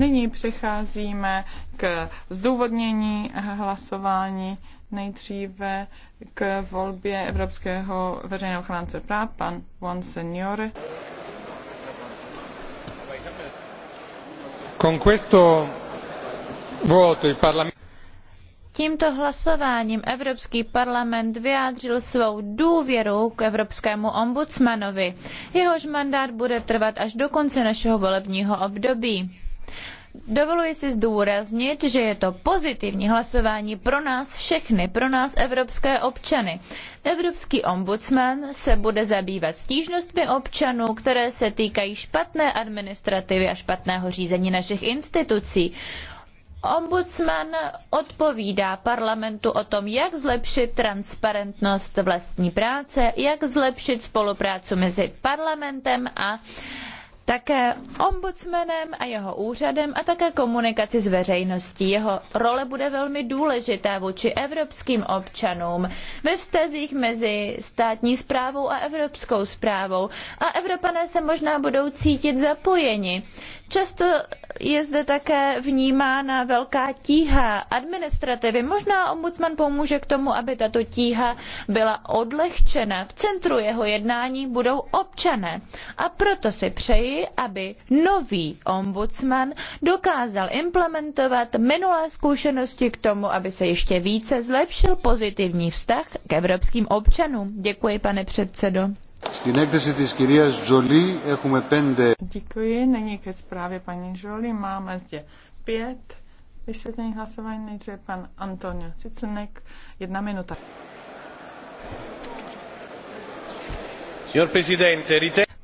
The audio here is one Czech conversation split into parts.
Nyní přecházíme k zdůvodnění hlasování nejdříve k volbě Evropského veřejného ochránce práv, pan Juan Senior. Con questo voto il Parlamento Tímto hlasováním Evropský parlament vyjádřil svou důvěru k Evropskému ombudsmanovi. Jehož mandát bude trvat až do konce našeho volebního období. Dovoluji si zdůraznit, že je to pozitivní hlasování pro nás všechny, pro nás evropské občany. Evropský ombudsman se bude zabývat stížnostmi občanů, které se týkají špatné administrativy a špatného řízení našich institucí. Ombudsman odpovídá parlamentu o tom, jak zlepšit transparentnost vlastní práce, jak zlepšit spolupráci mezi parlamentem a také ombudsmanem a jeho úřadem a také komunikaci s veřejností. Jeho role bude velmi důležitá vůči evropským občanům ve vztazích mezi státní správou a evropskou správou a Evropané se možná budou cítit zapojeni. Často je zde také vnímána velká tíha administrativy. Možná ombudsman pomůže k tomu, aby tato tíha byla odlehčena. V centru jeho jednání budou občané. A proto si přeji, aby nový ombudsman dokázal implementovat minulé zkušenosti k tomu, aby se ještě více zlepšil pozitivní vztah k evropským občanům. Děkuji, pane předsedo. Στην έκθεση της κυρίας Jolie έχουμε πέντε... Děkuji, nyní ke zprávě paní Jolie máme zde pět vysvětlení hlasování, nejdříve pan Antonio Cicenek, jedna minuta.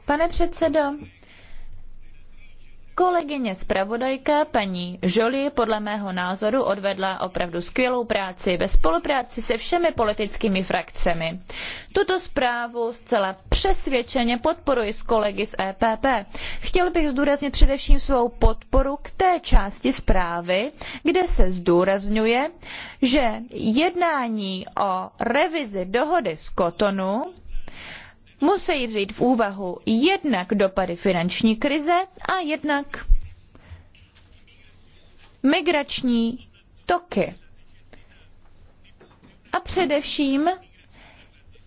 Pane předsedo, Kolegyně zpravodajka paní Jolie podle mého názoru odvedla opravdu skvělou práci ve spolupráci se všemi politickými frakcemi. Tuto zprávu zcela přesvědčeně podporuji s kolegy z EPP. Chtěl bych zdůraznit především svou podporu k té části zprávy, kde se zdůrazňuje, že jednání o revizi dohody z Kotonu musí vzít v úvahu jednak dopady finanční krize a jednak migrační toky. A především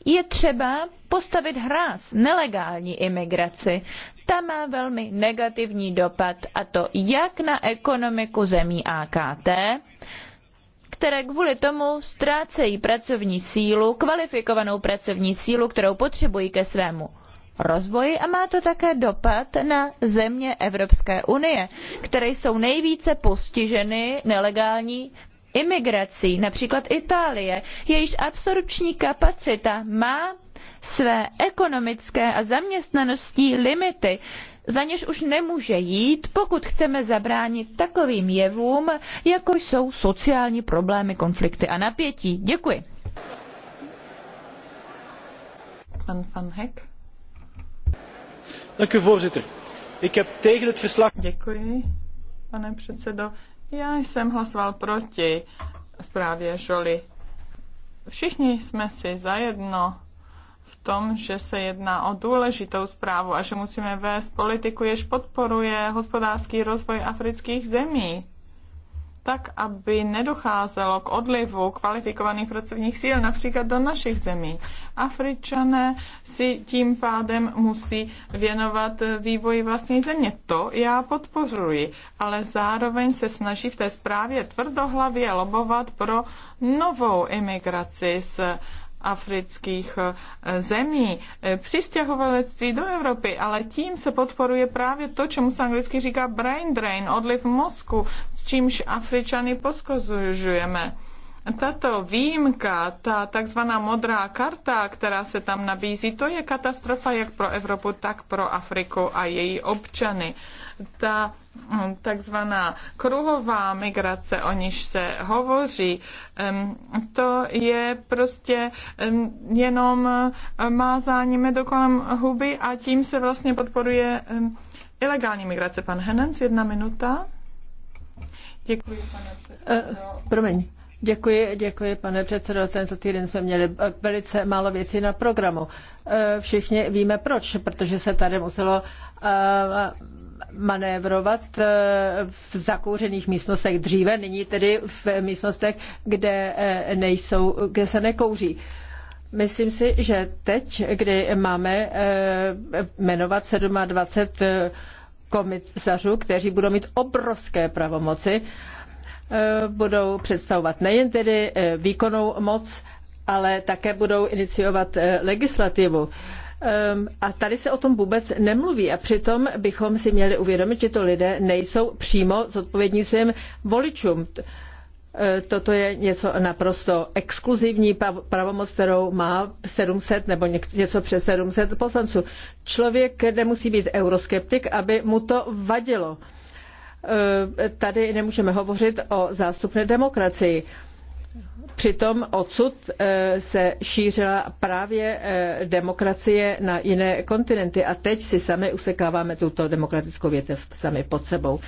je třeba postavit hráz nelegální imigraci. Ta má velmi negativní dopad, a to jak na ekonomiku zemí AKT, které kvůli tomu ztrácejí pracovní sílu, kvalifikovanou pracovní sílu, kterou potřebují ke svému rozvoji a má to také dopad na země Evropské unie, které jsou nejvíce postiženy nelegální imigrací, například Itálie, jejíž absorpční kapacita má své ekonomické a zaměstnanostní limity za něž už nemůže jít, pokud chceme zabránit takovým jevům, jako jsou sociální problémy, konflikty a napětí. Děkuji. Pan Van Hek. Dank u voorzitter. Ik heb tegen het verslag... Děkuji, pane předsedo. Já jsem hlasoval proti zprávě Žoli. Všichni jsme si zajedno v tom, že se jedná o důležitou zprávu a že musíme vést politiku, jež podporuje hospodářský rozvoj afrických zemí tak, aby nedocházelo k odlivu kvalifikovaných pracovních síl například do našich zemí. Afričané si tím pádem musí věnovat vývoji vlastní země. To já podpořuji, ale zároveň se snaží v té zprávě tvrdohlavě lobovat pro novou imigraci z afrických eh, zemí, eh, přistěhovalectví do Evropy, ale tím se podporuje právě to, čemu se anglicky říká brain drain, odliv mozku, s čímž Afričany poskozujeme. Tato výjimka, ta takzvaná modrá karta, která se tam nabízí, to je katastrofa jak pro Evropu, tak pro Afriku a její občany. Ta mm, takzvaná kruhová migrace, o níž se hovoří, to je prostě jenom eh, mázání medokolem huby a tím se vlastně podporuje ilegální migrace. Pan Henens, jedna minuta. Děkuji, pane předsedo. Uh, promiň. Děkuji, děkuji, pane předsedo. Tento týden jsme měli velice málo věcí na programu. Eh, všichni víme proč, protože se tady muselo eh, manévrovat eh, v zakouřených místnostech dříve, nyní tedy v místnostech, kde, nejsou, kde se nekouří. Myslím si, že teď, kdy máme jmenovat 27 komisařů, kteří budou mít obrovské pravomoci, Eh, budou představovat nejen tedy eh, výkonnou moc, ale také budou iniciovat eh, legislativu. Ehm, a tady se o tom vůbec nemluví a přitom bychom si měli uvědomit, že to lidé nejsou přímo zodpovědní svým voličům. Toto je něco naprosto exkluzivní pravomoc, kterou má 700 nebo něco přes 700 poslanců. Člověk nemusí být euroskeptik, aby mu to vadilo. Eh, tady nemůžeme hovořit o zástupné demokracii. Přitom odsud eh, se šířila právě eh, demokracie na jiné kontinenty a teď si sami usekáváme tuto demokratickou větev sami pod sebou.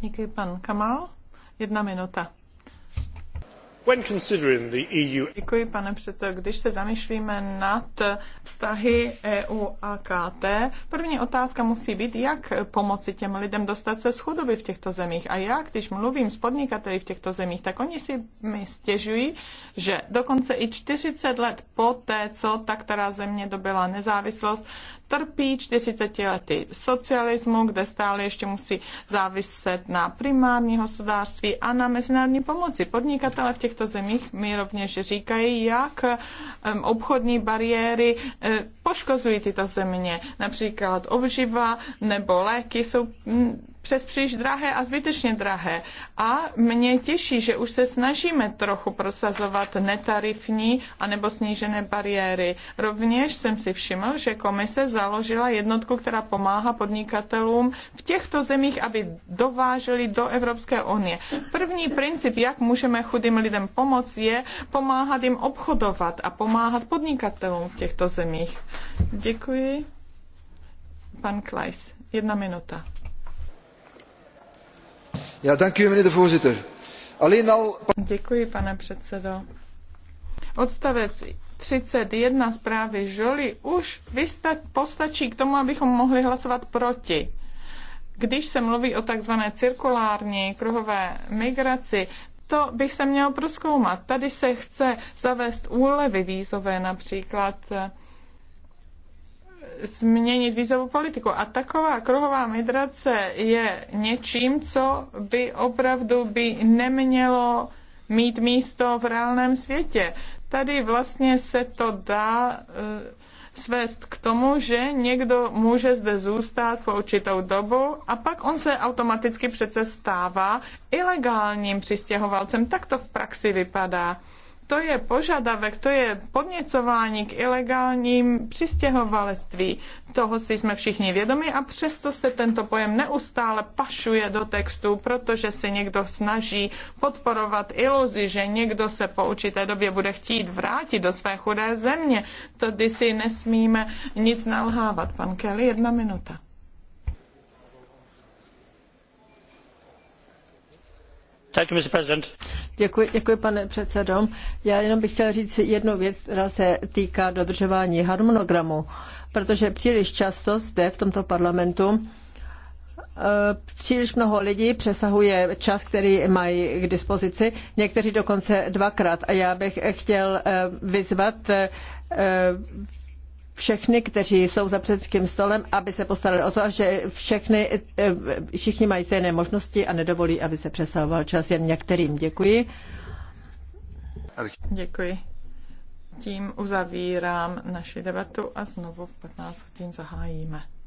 Děkuji, pan Kamal. Jedna minuta. E Děkuji, pane předsedo. Když se zamýšlíme nad vztahy EU a KT, první otázka musí být, jak pomoci těm lidem dostat se z chudoby v těchto zemích. A já, když mluvím s podnikateli v těchto zemích, tak oni si mi stěžují, že dokonce i 40 let po té, co ta která země dobila nezávislost, trpí 40 lety socialismu, kde stále ještě musí záviset na primární hospodářství a na mezinárodní pomoci. Podnikatele v těchto zemích mi rovněž říkají, jak obchodní bariéry eh, poškozují tyto země. Například obživa nebo léky jsou hm, přes příliš drahé a zbytečně drahé. A mě těší, že už se snažíme trochu prosazovat netarifní anebo snížené bariéry. Rovněž jsem si všiml, že komise založila jednotku, která pomáhá podnikatelům v těchto zemích, aby dováželi do Evropské unie. První princip, jak můžeme chudým lidem pomoct, je pomáhat jim obchodovat a pomáhat podnikatelům v těchto zemích. Děkuji. Pan Kleis, jedna minuta. Děkuji, pane předsedo. Odstavec 31 zprávy Žoli už postačí k tomu, abychom mohli hlasovat proti. Když se mluví o takzvané cirkulární kruhové migraci, to by se mělo proskoumat. Tady se chce zavést úlevy vízové například změnit vízovou politiku. A taková kruhová migrace je něčím, co by opravdu by nemělo mít místo v reálném světě. Tady vlastně se to dá eh, svést k tomu, že někdo může zde zůstat po určitou dobu a pak on se automaticky přece stává ilegálním přistěhovalcem. Tak to v praxi vypadá to je požadavek, to je podněcování k ilegálním přistěhovalectví. Toho si jsme všichni vědomi a přesto se tento pojem neustále pašuje do textu, protože se někdo snaží podporovat iluzi, že někdo se po určité době bude chtít vrátit do své chudé země. Tady si nesmíme nic nalhávat. Pan Kelly, jedna minuta. Děkuji, pane předsedající. Já jenom bych chtěla říct jednu věc, která se týká dodržování harmonogramu, protože příliš často zde v tomto parlamentu eh, příliš mnoho lidí přesahuje čas, který mají k dispozici, někteří dokonce dvakrát. A já bych chtěl eh, vyzvat eh, všechny, kteří jsou za předským stolem, aby se postarali o to, že všechny, eh, všichni mají stejné možnosti a nedovolí, aby se přesahoval čas jen některým. Děkuji. Děkuji. Tím uzavírám naši debatu a znovu v 15 hodin zahájíme.